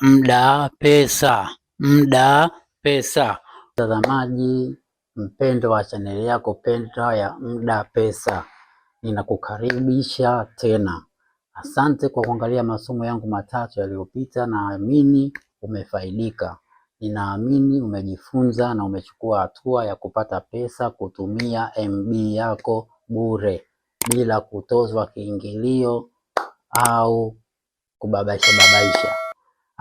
mda, pesa, mda, pesa. Mtazamaji mpendo wa chaneli yako pendwa ya mda pesa, ninakukaribisha tena. Asante kwa kuangalia masomo yangu matatu yaliyopita. Naamini umefaidika, ninaamini umejifunza na umechukua hatua ya kupata pesa kutumia MB yako bure bila kutozwa kiingilio au kubabaisha babaisha.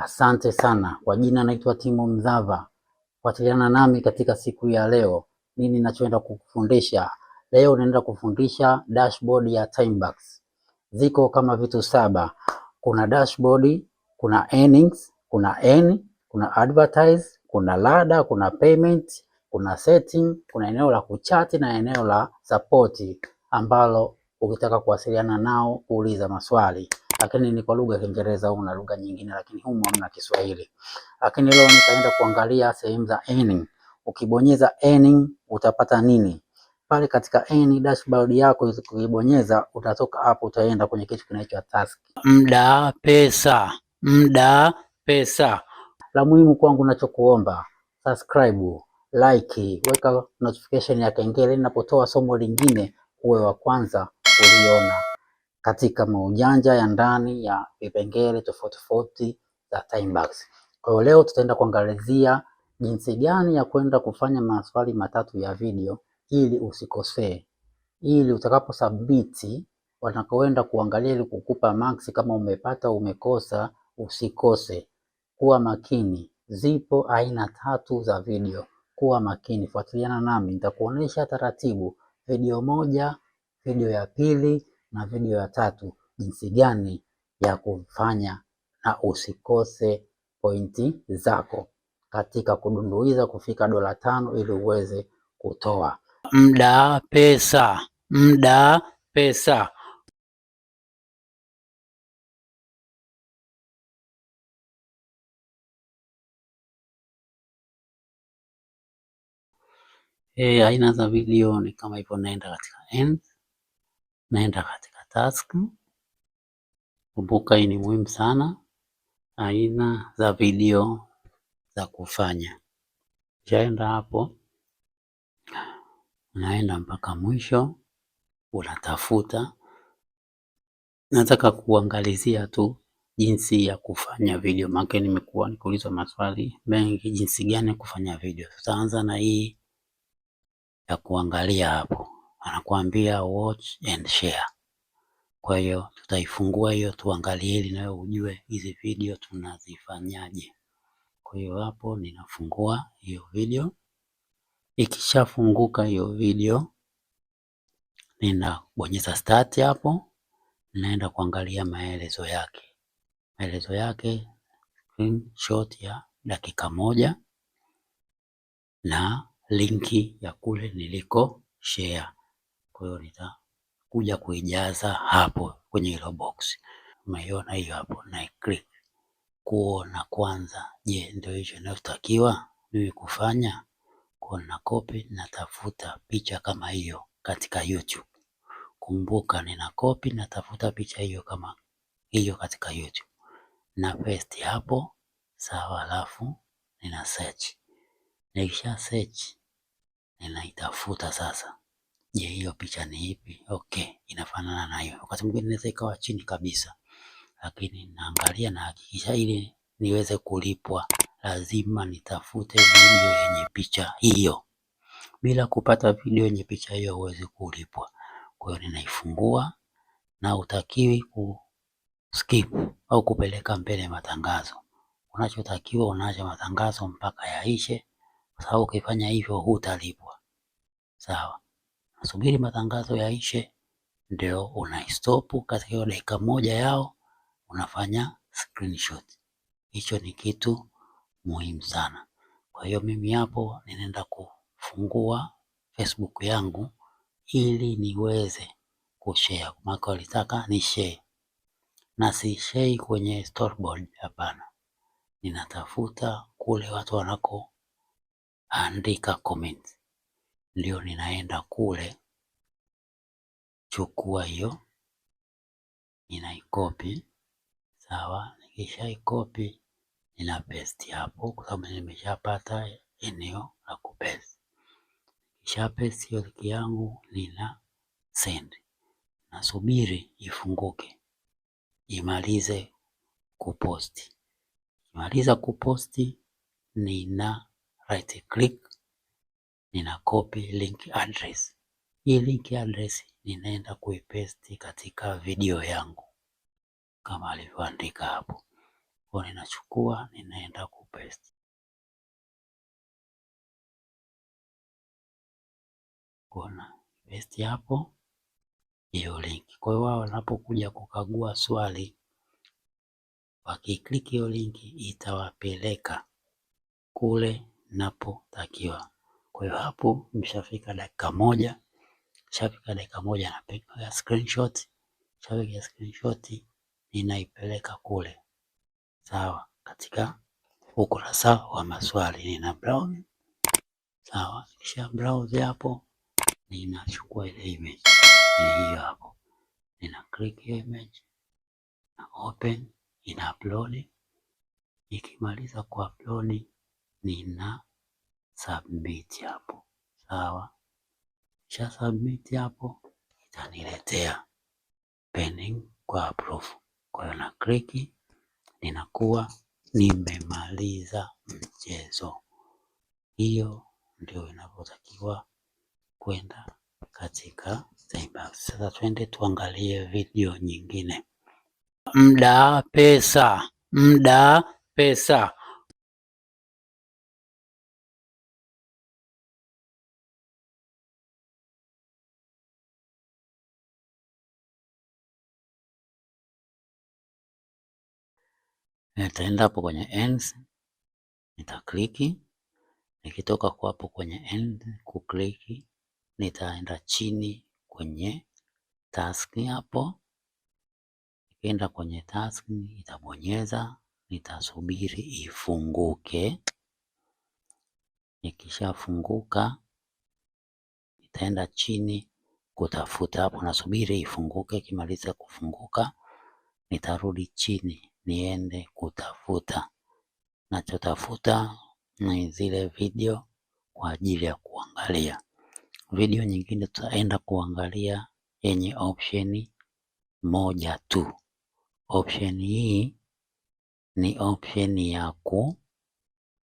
Asante sana. Kwa jina naitwa Timo Mdhava. Fuatiliana nami katika siku ya leo. Nini ninachoenda kukufundisha? Leo naenda kufundisha dashboard ya Timebox. Ziko kama vitu saba. Kuna dashboard, kuna earnings, kuna earn, kuna advertise, kuna lada kuna payment, kuna setting, kuna eneo la kuchati na eneo la support ambalo ukitaka kuwasiliana nao kuuliza maswali lakini ni kwa lugha ya Kiingereza au na lugha nyingine, lakini humu hamna Kiswahili. Lakini leo nitaenda kuangalia sehemu za earning. Ukibonyeza earning utapata nini? Pale katika any dashboard yako ukibonyeza, utatoka hapo, utaenda kwenye kitu kinaitwa task, mda pesa, mda pesa. La muhimu kwangu nachokuomba, subscribe, like, weka notification ya kengele, ninapotoa somo lingine uwe wa kwanza kuliona katika maujanja ya ndani ya vipengele tofauti tofauti za box. Kwa hiyo leo tutaenda kuangalizia jinsi gani ya kwenda kufanya maswali matatu ya video ili usikosee, ili utakapo submit wanakoenda kuangalia ili kukupa max kama umepata umekosa, usikose. Kuwa makini, zipo aina tatu za video. Kuwa makini, fuatiliana nami, nitakuonesha taratibu, video moja, video ya pili na video ya tatu jinsi gani ya kufanya na usikose pointi zako katika kudunduiza kufika dola tano ili uweze kutoa mda pesa mda pesa. E, aina za video ni kama hivyo, naenda katika end naenda katika task. Kumbuka hii ni muhimu sana, aina za video za kufanya. Kishaenda hapo, unaenda mpaka mwisho, unatafuta. Nataka kuangalizia tu jinsi ya kufanya video, maana nimekuwa nikiulizwa maswali mengi, jinsi gani kufanya video. Tutaanza na hii ya kuangalia hapo anakuambia watch and share. Kwa hiyo tutaifungua hiyo tuangalie, ili nawe ujue hizi video tunazifanyaje. Kwa hiyo hapo ninafungua hiyo video, ikishafunguka hiyo video ninabonyeza start hapo, ninaenda kuangalia maelezo yake. Maelezo yake screenshot ya dakika moja na linki ya kule niliko share. Kwa hiyo nitakuja kuijaza hapo kwenye hilo box. Umeiona hiyo hapo, na click kuona kwanza, je, ndio hicho inachotakiwa mimi kufanya? Kwa na copy, natafuta picha kama hiyo katika YouTube. Kumbuka nina copy, natafuta picha hiyo kama hiyo katika YouTube na paste hapo, sawa. Alafu nina search, nikisha search ninaitafuta sasa Je, hiyo picha ni ipi? Okay, inafanana na hiyo. Wakati mwingine inaweza ikawa chini kabisa, lakini naangalia na hakikisha, ili niweze kulipwa lazima nitafute video yenye picha hiyo. Bila kupata video yenye picha hiyo huwezi kulipwa. Kwa hiyo ninaifungua, na utakiwi skip au kupeleka mbele matangazo. Unachotakiwa unaacha matangazo mpaka yaishe, kwa sababu ukifanya hivyo hutalipwa. Sawa nasubiri matangazo yaishe, ndio unaistopu katika hiyo dakika moja yao, unafanya screenshot. Hicho ni kitu muhimu sana. Kwa hiyo mimi hapo ninaenda kufungua Facebook yangu ili niweze kushare, maana walitaka ni share na si share kwenye storyboard, hapana. Ninatafuta kule watu wanako andika comments ndio ninaenda kule, chukua hiyo, ninaikopi sawa. ikopi nina paste hapo, kwa sababu nimeshapata eneo la kupaste. Nikisha paste hiyo liki yangu nina send, nasubiri ifunguke imalize kuposti. Imaliza kuposti, nina right click nina copy link address. Hii link address ninaenda kuipesti katika video yangu kama alivyoandika hapo, kwa ninachukua ninaenda kupaste. kona paste hapo hiyo link. Kwa hiyo wao wanapokuja kukagua swali, wakiklik hiyo link itawapeleka kule napotakiwa. Kwa hiyo hapo mshafika dakika moja, mshafika dakika moja na pega screenshot, mshapiga screenshot ninaipeleka kule. Sawa, katika ukurasa wa maswali nina browse. Sawa, kisha browse hapo ninachukua ile image hiyo hapo, nina click image na open, ina upload. Ikimaliza ku upload nina submit hapo, sawa. Kisha submit hapo, itaniletea pending kwa approve. Kwa hiyo na click, ninakuwa nimemaliza mchezo. Hiyo ndio inavyotakiwa kwenda katika Sandbox. Sasa twende tuangalie video nyingine. Mda pesa, mda pesa. Nitaenda hapo kwenye ends nitakliki. Nikitoka kwa hapo kwenye end kukliki, nitaenda chini kwenye task hapo. Nikienda kwenye task nitabonyeza, nitasubiri ifunguke. Ikishafunguka nitaenda chini kutafuta hapo, nasubiri ifunguke. Ikimaliza kufunguka nitarudi chini niende kutafuta. Nachotafuta ni zile video kwa ajili ya kuangalia. Video nyingine tutaenda kuangalia yenye option moja tu. Option hii ni option ya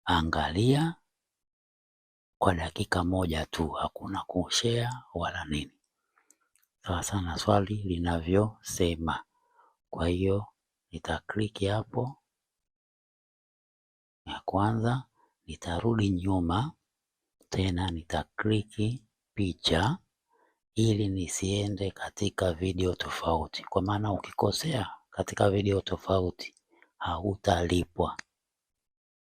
kuangalia kwa dakika moja tu, hakuna kushare wala nini, sawa sana swali linavyosema. Kwa hiyo nitakliki hapo ya kwanza, nitarudi nyuma tena nitakliki picha ili nisiende katika video tofauti, kwa maana ukikosea katika video tofauti hautalipwa,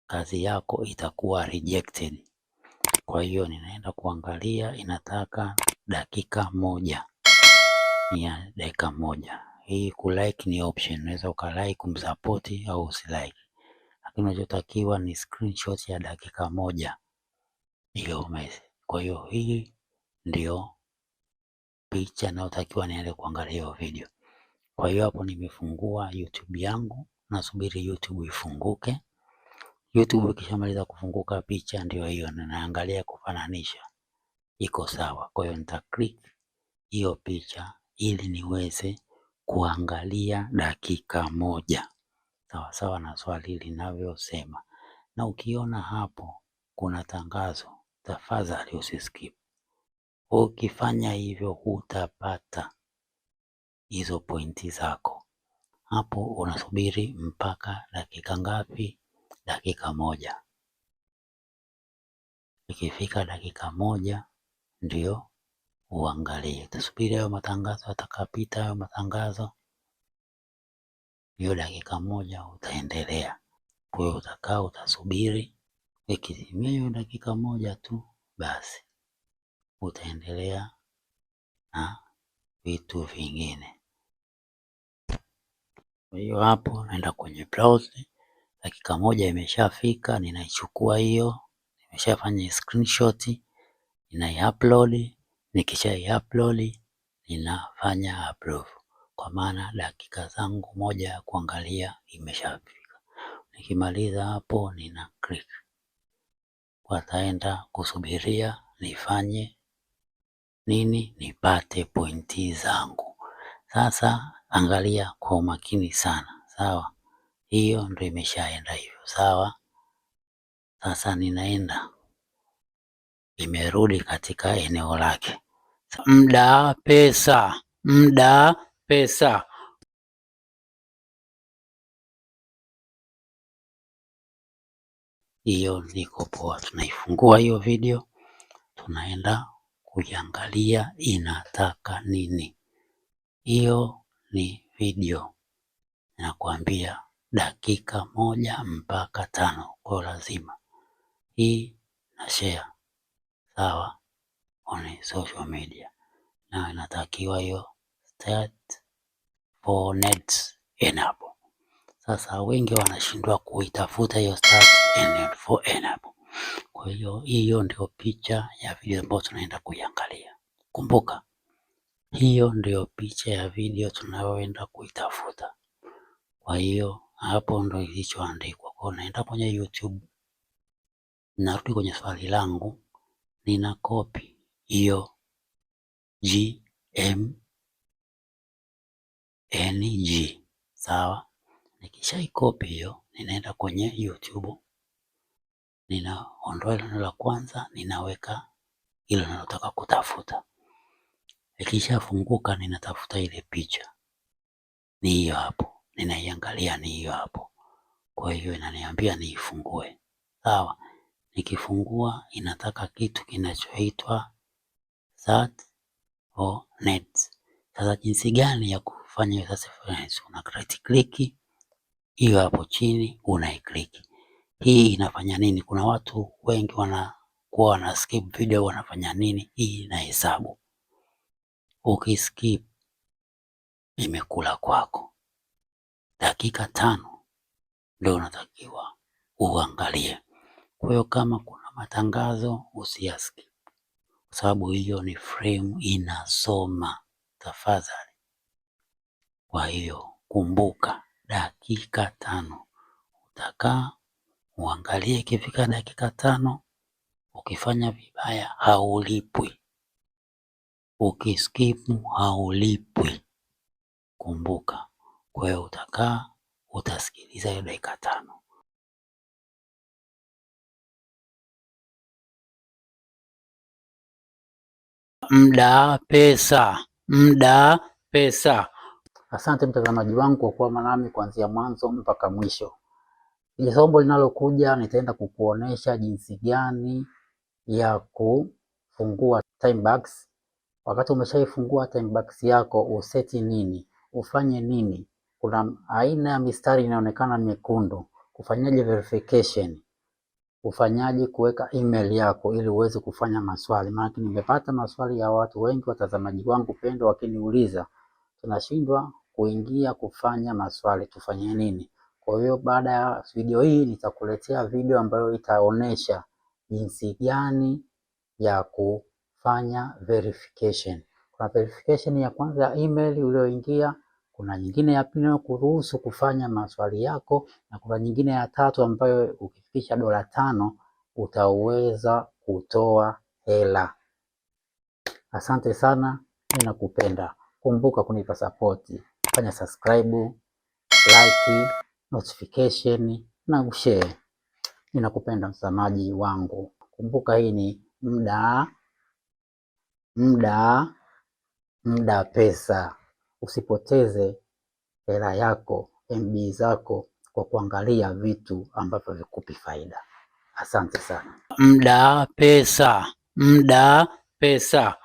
kazi yako itakuwa rejected. Kwa hiyo ninaenda kuangalia, inataka dakika moja, ni ya dakika moja. Hii like ni option, unaweza like kumsapoti au usilike, lakini unachotakiwa ni screenshot ya dakika moja hiyo message. Kwa hiyo hii ndio picha inayotakiwa niende kuangalia hiyo video. Kwa hiyo hapo nimefungua YouTube yangu, nasubiri YouTube ifunguke. YouTube ikishamaliza kufunguka, picha ndio hiyo, na naangalia kufananisha iko sawa. Kwa hiyo nita click hiyo picha ili niweze kuangalia dakika moja, sawasawa na swali linavyosema. Na ukiona hapo kuna tangazo, tafadhali usiskip. Ukifanya hivyo hutapata hizo pointi zako. Hapo unasubiri mpaka dakika ngapi? Dakika moja. Ikifika dakika moja, ndio uangalie. Utasubiri hayo matangazo yatakapita, hayo matangazo hiyo dakika moja utaendelea. Kwa hiyo utakaa, utasubiri, ikizimia hiyo dakika moja tu, basi utaendelea na vitu vingine. Kwa hiyo hapo naenda kwenye browser, dakika moja imeshafika, ninaichukua hiyo, nimeshafanya screenshot, ninaiupload Nikisha upload ninafanya approve, kwa maana dakika zangu moja ya kuangalia imeshafika. Nikimaliza hapo nina click, wataenda kusubiria nifanye nini, nipate pointi zangu. Sasa angalia kwa umakini sana, sawa? Hiyo ndo imeshaenda hivyo, sawa. Sasa ninaenda, imerudi katika eneo lake mda pesa mda pesa hiyo niko poa. Tunaifungua hiyo video, tunaenda kuiangalia inataka nini. Hiyo ni video nakwambia, dakika moja mpaka tano, kwa lazima hii na share, sawa on social media, na inatakiwa hiyo stat for net enable. Sasa wengi wanashindwa kuitafuta hiyo stat for enable. Kwa hiyo hiyo ndio picha ya video ambayo tunaenda kuiangalia. Kumbuka, hiyo ndio picha ya video tunayoenda kuitafuta. Kwa hiyo hapo ndo ilichoandikwa. Kwa hiyo naenda kwenye YouTube, narudi kwenye swali langu, nina kopi hiyo g sawa. Nikishaikopi hiyo, ninaenda kwenye YouTube, ninaondoa hilo neno la kwanza, ninaweka ilo ninalotaka kutafuta. Ikishafunguka ninatafuta ile picha, ni hiyo hapo, ninaiangalia, ni hiyo hapo. Kwa hiyo inaniambia niifungue, sawa. Nikifungua inataka kitu kinachoitwa that or net. Sasa jinsi gani ya kufanya hiyo reference? Una right click hiyo hapo chini, una click hii inafanya nini? Kuna watu wengi wanakuwa wana skip video, wanafanya nini? Hii ina hesabu, ukiskip imekula kwako dakika tano, ndio unatakiwa uangalie. Kwa hiyo kama kuna matangazo usiyaskip kwa sababu hiyo ni frame inasoma. Tafadhali. Kwa hiyo kumbuka, dakika tano utakaa uangalie. Ikifika dakika tano ukifanya vibaya haulipwi, ukiskipu haulipwi. Kumbuka. Kwa hiyo utakaa utasikiliza hiyo dakika tano. mda pesa, mda pesa. Asante mtazamaji wangu kwa kuwa nami kuanzia mwanzo mpaka mwisho. Ni somo linalokuja nitaenda kukuonesha jinsi gani ya kufungua box. Wakati umeshaifungua box yako useti nini, ufanye nini? Kuna aina ya mistari inaonekana mekundu, kufanyaje verification ufanyaji kuweka email yako ili uweze kufanya maswali. Maana nimepata maswali ya watu wengi, watazamaji wangu pendwa, wakiniuliza tunashindwa kuingia kufanya maswali, tufanye nini? Kwa hiyo baada ya video hii nitakuletea video ambayo itaonesha jinsi gani ya kufanya verification. Kuna verification ya kwanza ya email uliyoingia kuna nyingine ya pili inayokuruhusu kufanya maswali yako, na kuna nyingine ya tatu ambayo ukifikisha dola tano utaweza kutoa hela. Asante sana, ninakupenda. Kumbuka kunipa support, fanya subscribe, like, notification na ushare. Ninakupenda msamaji wangu. Kumbuka hii ni mda mda mda pesa usipoteze hela yako MB zako kwa kuangalia vitu ambavyo vikupi faida. Asante sana. Mda pesa, mda pesa.